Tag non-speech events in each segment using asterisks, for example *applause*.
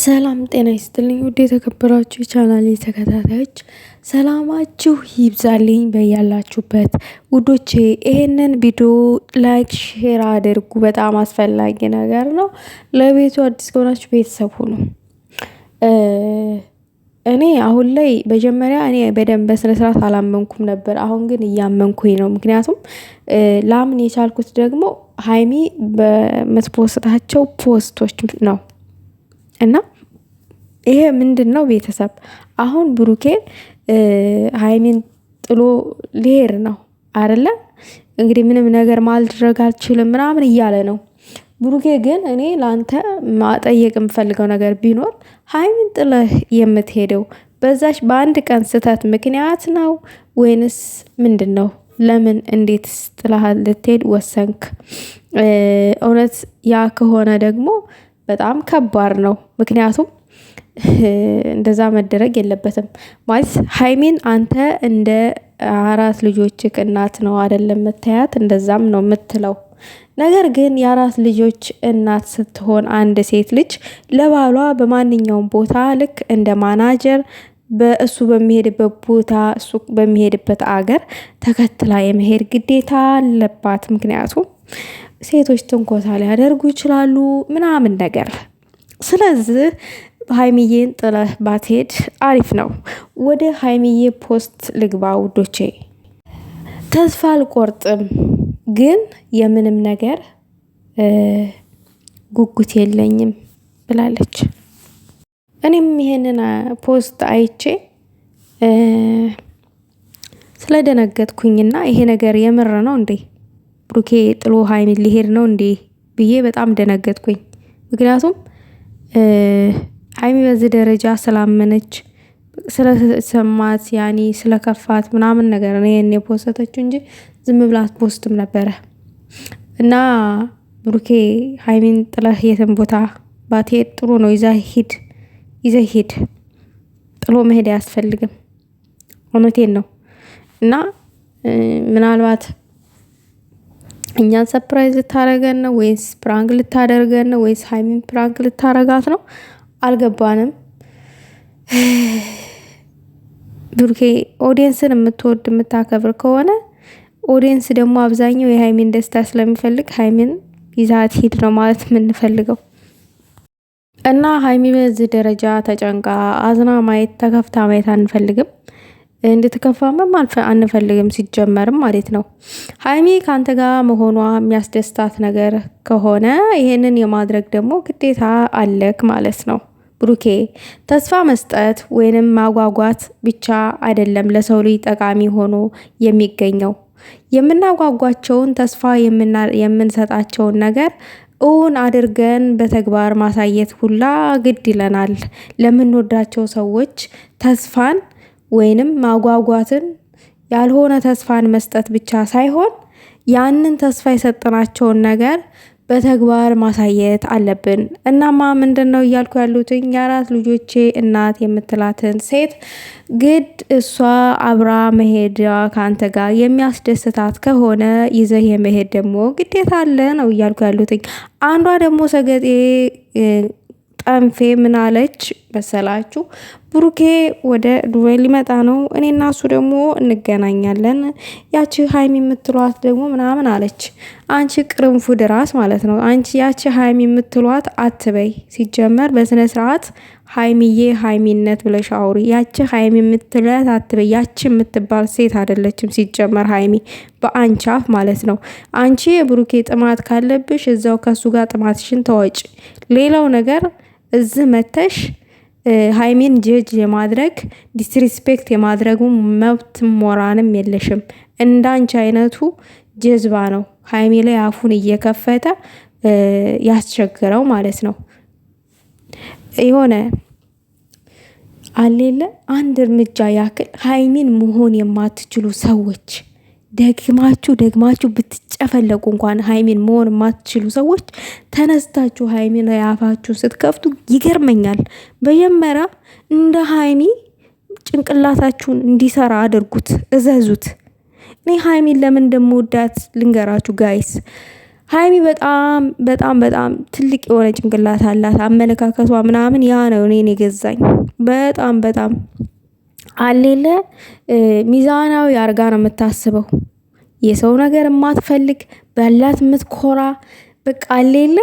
ሰላም ጤና ይስጥልኝ ውድ የተከበራችሁ የቻናሌ ተከታታዮች ሰላማችሁ ይብዛልኝ በያላችሁበት ውዶቼ። ይሄንን ቪዲዮ ላይክ፣ ሼር አድርጉ። በጣም አስፈላጊ ነገር ነው። ለቤቱ አዲስ ከሆናችሁ ቤተሰብ ሁኑ። እኔ አሁን ላይ መጀመሪያ እኔ በደንብ በስነስርዓት አላመንኩም ነበር። አሁን ግን እያመንኩኝ ነው። ምክንያቱም ላምን የቻልኩት ደግሞ ሀይሚ በምትፖስታቸው ፖስቶች ነው። እና ይሄ ምንድን ነው ቤተሰብ አሁን ብሩኬን ሀይሚን ጥሎ ሊሄድ ነው አደለ እንግዲህ ምንም ነገር ማልድረግ አልችልም ምናምን እያለ ነው። ብሩኬ ግን እኔ ለአንተ ማጠየቅ የምፈልገው ነገር ቢኖር ሀይሚን ጥለህ የምትሄደው በዛች በአንድ ቀን ስህተት ምክንያት ነው ወይንስ ምንድን ነው? ለምን እንዴት ጥለህ ልትሄድ ወሰንክ? እውነት ያ ከሆነ ደግሞ በጣም ከባድ ነው። ምክንያቱም *laughs* እንደዛ መደረግ የለበትም ማለት ሀይሚን አንተ እንደ አራት ልጆች እናት ነው አይደለም መታያት እንደዛም ነው የምትለው። ነገር ግን የአራት ልጆች እናት ስትሆን አንድ ሴት ልጅ ለባሏ በማንኛውም ቦታ ልክ እንደ ማናጀር በእሱ በሚሄድበት ቦታ እሱ በሚሄድበት አገር ተከትላ የመሄድ ግዴታ አለባት ምክንያቱም ሴቶች ትንኮሳ ሊያደርጉ ይችላሉ ምናምን ነገር። ስለዚህ ሀይሚዬን ጥለህ ባትሄድ አሪፍ ነው። ወደ ሀይሚዬ ፖስት ልግባ ውዶቼ። ተስፋ አልቆርጥም፣ ግን የምንም ነገር ጉጉት የለኝም ብላለች። እኔም ይሄንን ፖስት አይቼ ስለደነገጥኩኝና ይሄ ነገር የምር ነው እንዴ ብሩኬ ጥሎ ሀይሚ ሊሄድ ነው እንዴ ብዬ በጣም ደነገጥኩኝ። ምክንያቱም ሀይሚ በዚህ ደረጃ ስላመነች ስለሰማት ያኔ ስለከፋት ምናምን ነገር ነው ይህን የፖሰተችው እንጂ ዝም ብላት ፖስትም ነበረ እና ብሩኬ ሀይሚን ጥለህ የትን ቦታ ባትሄድ ጥሩ ነው። ይዛ ሂድ ይዘ ሂድ። ጥሎ መሄድ አያስፈልግም። እውነቴን ነው እና ምናልባት እኛን ሰፕራይዝ ልታደረገን ነው ወይስ ፕራንክ ልታደርገን ነው ወይስ ሀይሚን ፕራንክ ልታረጋት ነው? አልገባንም። ብሩኬ ኦዲየንስን የምትወድ የምታከብር ከሆነ ኦዲየንስ ደግሞ አብዛኛው የሀይሚን ደስታ ስለሚፈልግ ሀይሚን ይዛት ሂድ ነው ማለት የምንፈልገው እና ሀይሚ በዚህ ደረጃ ተጨንቃ አዝና ማየት ተከፍታ ማየት አንፈልግም። እንድትከፋምም አንፈልግም ሲጀመርም ማለት ነው። ሀይሚ ከአንተ ጋር መሆኗ የሚያስደስታት ነገር ከሆነ ይሄንን የማድረግ ደግሞ ግዴታ አለክ ማለት ነው። ብሩኬ ተስፋ መስጠት ወይንም ማጓጓት ብቻ አይደለም ለሰው ልጅ ጠቃሚ ሆኖ የሚገኘው የምናጓጓቸውን ተስፋ የምንሰጣቸውን ነገር እውን አድርገን በተግባር ማሳየት ሁላ ግድ ይለናል። ለምንወዳቸው ሰዎች ተስፋን ወይንም ማጓጓትን ያልሆነ ተስፋን መስጠት ብቻ ሳይሆን ያንን ተስፋ የሰጠናቸውን ነገር በተግባር ማሳየት አለብን። እናማ ምንድን ነው እያልኩ ያሉትኝ የአራት ልጆቼ እናት የምትላትን ሴት ግድ እሷ አብራ መሄዳ ከአንተ ጋር የሚያስደስታት ከሆነ ይዘህ የመሄድ ደግሞ ግዴታ አለ ነው እያልኩ ያሉትኝ። አንዷ ደግሞ ሰገጤ ጠንፌ ምናለች መሰላችሁ? ብሩኬ ወደ ዱባይ ሊመጣ ነው፣ እኔና እሱ ደግሞ እንገናኛለን። ያቺ ሀይሚ የምትሏት ደግሞ ምናምን አለች። አንቺ ቅርንፉ ድራስ ማለት ነው። አንቺ ያቺ ሀይሚ የምትሏት አትበይ። ሲጀመር በስነ ስርዓት ሀይሚዬ ሀይሚነት ብለሽ አውሪ። ያቺ ሀይሚ የምትላት አትበይ። ያቺ የምትባል ሴት አይደለችም ሲጀመር ሀይሚ በአንቺ አፍ ማለት ነው። አንቺ የብሩኬ ጥማት ካለብሽ እዛው ከሱ ጋር ጥማትሽን ተወጭ። ሌላው ነገር እዚህ መተሽ ሀይሜን ጀጅ የማድረግ ዲስሪስፔክት የማድረጉ መብት ሞራንም የለሽም። እንዳንቺ አይነቱ ጀዝባ ነው ሀይሜ ላይ አፉን እየከፈተ ያስቸግረው ማለት ነው። የሆነ አሌለ አንድ እርምጃ ያክል ሀይሜን መሆን የማትችሉ ሰዎች ደግማችሁ ደግማችሁ ብትጨፈለቁ እንኳን ሀይሜን መሆን የማትችሉ ሰዎች ተነስታችሁ ሀይሜን አፋችሁን ስትከፍቱ ይገርመኛል። መጀመሪያ እንደ ሀይሚ ጭንቅላታችሁን እንዲሰራ አድርጉት፣ እዘዙት። እኔ ሀይሚን ለምን እንደምወዳት ልንገራችሁ ጋይስ። ሀይሚ በጣም በጣም በጣም ትልቅ የሆነ ጭንቅላት አላት። አመለካከቷ ምናምን ያ ነው እኔን የገዛኝ በጣም በጣም አሌለ ሚዛናዊ አርጋ ነው የምታስበው። የሰው ነገር የማትፈልግ በላት የምትኮራ በቃ አሌለ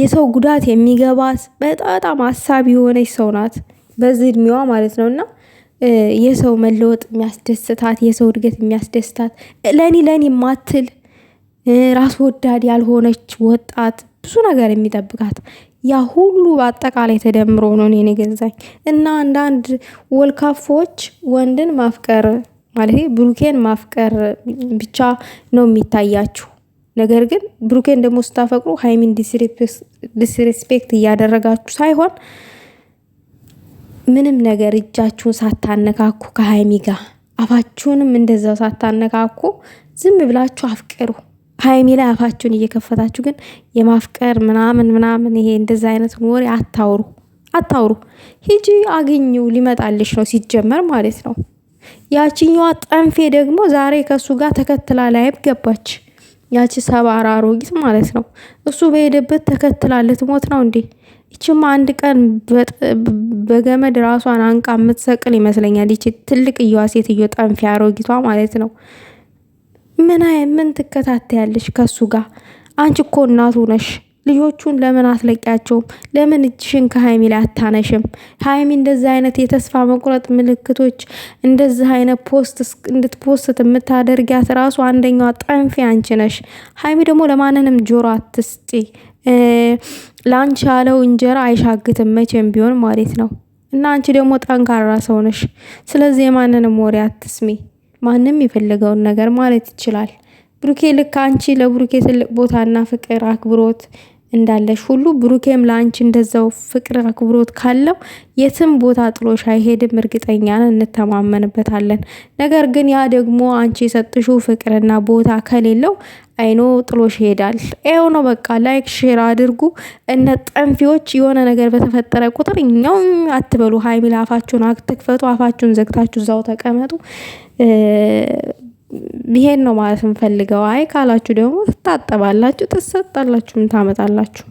የሰው ጉዳት የሚገባት በጣም አሳቢ የሆነች ሰው ናት፣ በዚህ እድሜዋ ማለት ነው። እና የሰው መለወጥ የሚያስደስታት የሰው እድገት የሚያስደስታት ለኒ ለኒ የማትል ራስ ወዳድ ያልሆነች ወጣት ብዙ ነገር የሚጠብቃት ያ ሁሉ በአጠቃላይ ተደምሮ ነው እኔ የገዛኝ። እና አንዳንድ ወልካፎች ወንድን ማፍቀር ማለት ብሩኬን ማፍቀር ብቻ ነው የሚታያችሁ። ነገር ግን ብሩኬን ደግሞ ስታፈቅሩ ሀይሚን ዲስሪስፔክት እያደረጋችሁ ሳይሆን ምንም ነገር እጃችሁን ሳታነካኩ ከሀይሚ ጋር አፋችሁንም እንደዛው ሳታነካኩ ዝም ብላችሁ አፍቅሩ። ሀይሚ ላይ አፋችሁን እየከፈታችሁ ግን የማፍቀር ምናምን ምናምን ይሄ እንደዚ አይነት ወሬ አታውሩ አታውሩ። ሂጂ አግኝው ሊመጣልሽ ነው ሲጀመር ማለት ነው። ያችኛዋ ጠንፌ ደግሞ ዛሬ ከእሱ ጋር ተከትላ ላይብ ገባች። ያቺ ሰባራ አሮጊት ማለት ነው። እሱ በሄደበት ተከትላ ልትሞት ነው እንዴ? ይችማ አንድ ቀን በገመድ ራሷን አንቃ የምትሰቅል ይመስለኛል። ይቺ ትልቅ እየዋ ሴትዮ ጠንፌ አሮጊቷ ማለት ነው። ምን ምን ትከታተያለሽ ከሱ ጋር? አንቺ እኮ እናቱ ነሽ። ልጆቹን ለምን አትለቂያቸውም? ለምን እጅሽን ከሀይሚ ላይ አታነሽም? ሀይሚ እንደዚህ አይነት የተስፋ መቁረጥ ምልክቶች እንደዚህ አይነት ፖስት እንድትፖስት የምታደርጊያት ራሱ አንደኛዋ ጠንፌ አንቺ ነሽ። ሀይሚ ደግሞ ለማንንም ጆሮ አትስጪ። ለአንቺ ያለው እንጀራ አይሻግትም መቼም ቢሆን ማለት ነው። እና አንቺ ደግሞ ጠንካራ ሰው ነሽ። ስለዚህ የማንንም ወሬ አትስሚ። ማንም የፈለገውን ነገር ማለት ይችላል። ብሩኬ ልክ አንቺ ለብሩኬ ትልቅ ቦታና ፍቅር አክብሮት እንዳለሽ ሁሉ ብሩኬም ለአንቺ እንደዛው ፍቅር አክብሮት ካለው የትም ቦታ ጥሎሽ አይሄድም። እርግጠኛ ነን፣ እንተማመንበታለን። ነገር ግን ያ ደግሞ አንቺ የሰጥሽው ፍቅርና ቦታ ከሌለው አይኖ ጥሎሽ ይሄዳል። ይኸው ነው በቃ። ላይክ ሼር አድርጉ። እነ ጠንፊዎች የሆነ ነገር በተፈጠረ ቁጥር እኛው አትበሉ። ሀይሚል አፋችሁን አትክፈቱ። አፋችሁን ዘግታችሁ እዛው ተቀመጡ። ይሄን ነው ማለት እንፈልገው። አይ ካላችሁ ደግሞ ትታጠባላችሁ፣ ትሰጣላችሁም ታመጣላችሁ።